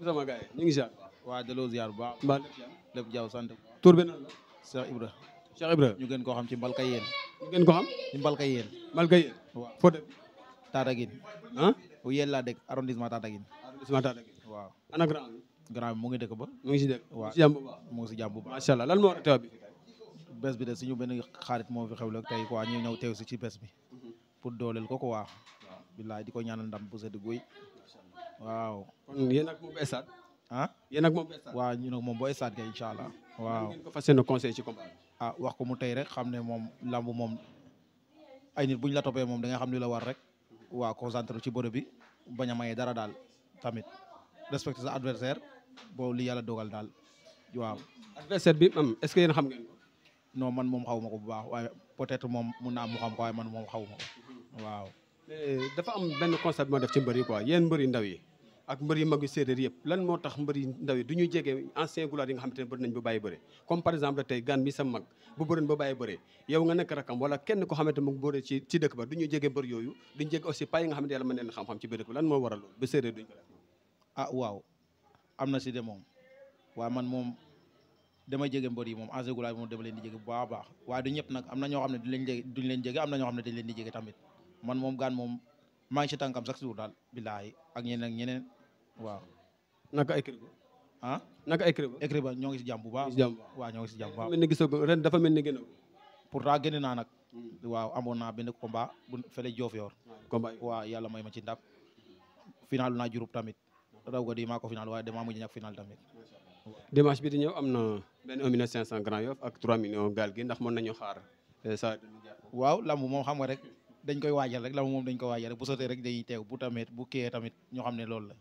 sama ñu ngi ziar waa delloo ziar bu baax mbaa lépp jaaw sant tur bi nan la Cheikh Ibra ñu gën ko xam ci mbalka yéen ñu ko xam ci mbalka yéen mbalka yéen waaw foo dëkk Tataguine ah bu yéen laa dëkk arrondissement Tataguine arrondissement Tataguine waaw ana grand grand bi mu ngi dëkk ba mu ngi si dëkk waaw si jàmm si jàmm bu allah lan moo war a teew bi bés bi de ñu benn xaarit moo fi xewle tey quoi ñu ñëw teew si ci bes bi mhm. pour dooleel ko quoi bilaay di ko ñaanal ndam bu sedd guy waaw kon yéen ak moom ba stade ah yéen ak moom ba stade waaw ñun ak moom ba stade kay incha allah waaw ko fas ah, wax ko mu tey rek xam ne moom lamb moom ay nit bu ñu la toppee moom da xam li la war rek waaw concentré ci bërëb bi bañ a maye dara daal tamit respecté sa adversaire boobu li yàlla dogal daal waaw adversaire bi am est-ce que yéen xam ngeen ko man moom xaw ma ko bu baax waaye peut-être moom mun naa mu xam ko waaye man moom xaw ma mm-hmm. waaw Eh, dafa am benn constat bi ci mbër yi quoi yéen mbër yu ndaw yi ak mbër yu mag yu séeréer lan moo tax mbër yu yi du ñu jege ancien gloire yi nga xam ne bëri nañ ba bàyyi bëre comme par exemple tey gan mi sa mag bu bërin ba bàyyi bëre yow wala kenn ko xamante mu bëre ci ci dëkk ba du ñu jege mbër yooyu duñu jege aussi pay yi ne yàlla mën ah, waaw na si de moom man moom dama jege baax a baax waaye du ñëpp nag am na ñoo ne duñ leen leen am na ñoo ne dañ leen di jege tamit man moom gaan moom maa ngi si tànkam sax suur daal billaahi ak ñeneen ak waaw. naka ay Kiriba. ah naka ay Kiriba. Kiriba ñoo ngi si jàmm bu baax. waaw ñoo ngi si jàmm bu baax. mel ren dafa mel ni gën a. pourtant génne naa nag. Hmm. waaw amoon naa benn combat bu fële Diofior. combat waaw yàlla may ma ci ndam. final na Diouroup tamit. raw ga di maa ko final waaye damaa mujj ñàkk final tamit. dimanche bi di ñëw am na benn 1 million 500 Grand Yoff ak 3 millions gaal gi ndax mën nañu xaar. Eh, waaw lamb moom xam nga rek dañ koy waajal rek la moom dañ koy waajal rek bu sotee rek dañuy teew bu tamit bu kiyee tamit ñoo xam ne loolu la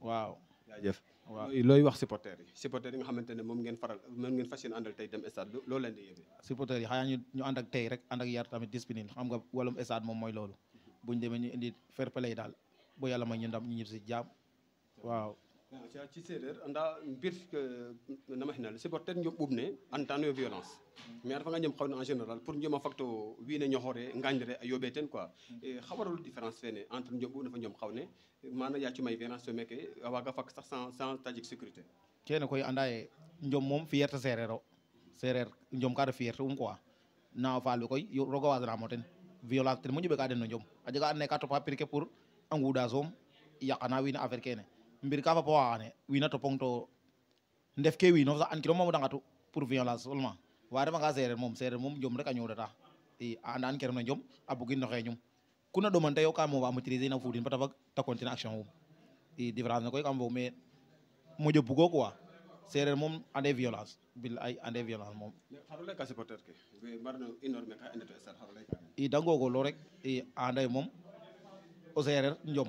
waaw jaajëf waaw looy wax supporter yi supporter yi nga xamante ne moom ngeen faral moom ngeen fas yéene àndal tey dem stade loolu leen di yëg supporter yi xanaa ñu ñu ànd rek ànd ak yar tamit discipline xam nga wàllum stade moom moy loolu buñ demee ñu indi fair play daal bu yàlla may ñu ndam ñu ñib si jàmm waaw ci séeréer anda mbir euh, namahinal siborten ñom ɓubne antano violence mais a refa nga ñom xawna en général pour ñoma facto wiine ñoxore ngañre a yooɓe ten quoi xa waralu différence a waaga fak sax sans tajik sécurité kene koy anda ye ñom moom fierté o séeréer ñom ka ref fierté um quoi na faal we koy roga wasanamo ten violence ten moƴu ɓeka den no ñom a jega and naye ka topa pir ke pour a nguɗa soom yaqana wiin affaire kene mbir ka fa po waxane wiin a topong to ndef ke wiin sax an kiro moomo dangatu pour violence seulement wa refa nga sereer moom sereer moom jom rek a ñoowdata i a anda an kiro no jom a bugin me moƴo bugo quoi sereer moom ande violence i da ngogorlo rek i anda ye moom o sereer njom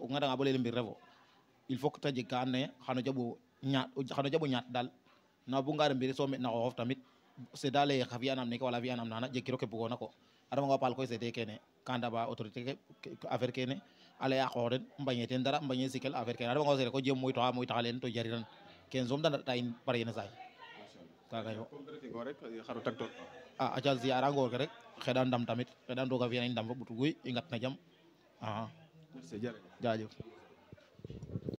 o ngaranga bo leyel mbir refo il faut que te jeg ka andoona yee xan o jaɓo ñaat xan o jaɓo daal na o bugangaa ref mbir so meɗ na xooxof tamit seda lay xa fi'anam neke wala fi'anam naana jegkiro ke bugoona ko a o paal koy seede kene ka ndaɓa autorité affaire kene a laya a qoox den mbañe teen dara mbañe sikel affaire kene a refanga o seede ko jem moytoxa moytaxa leen to jariran kene soom da ndaɗta in saay kaaga yo a jërëjëf jaajëf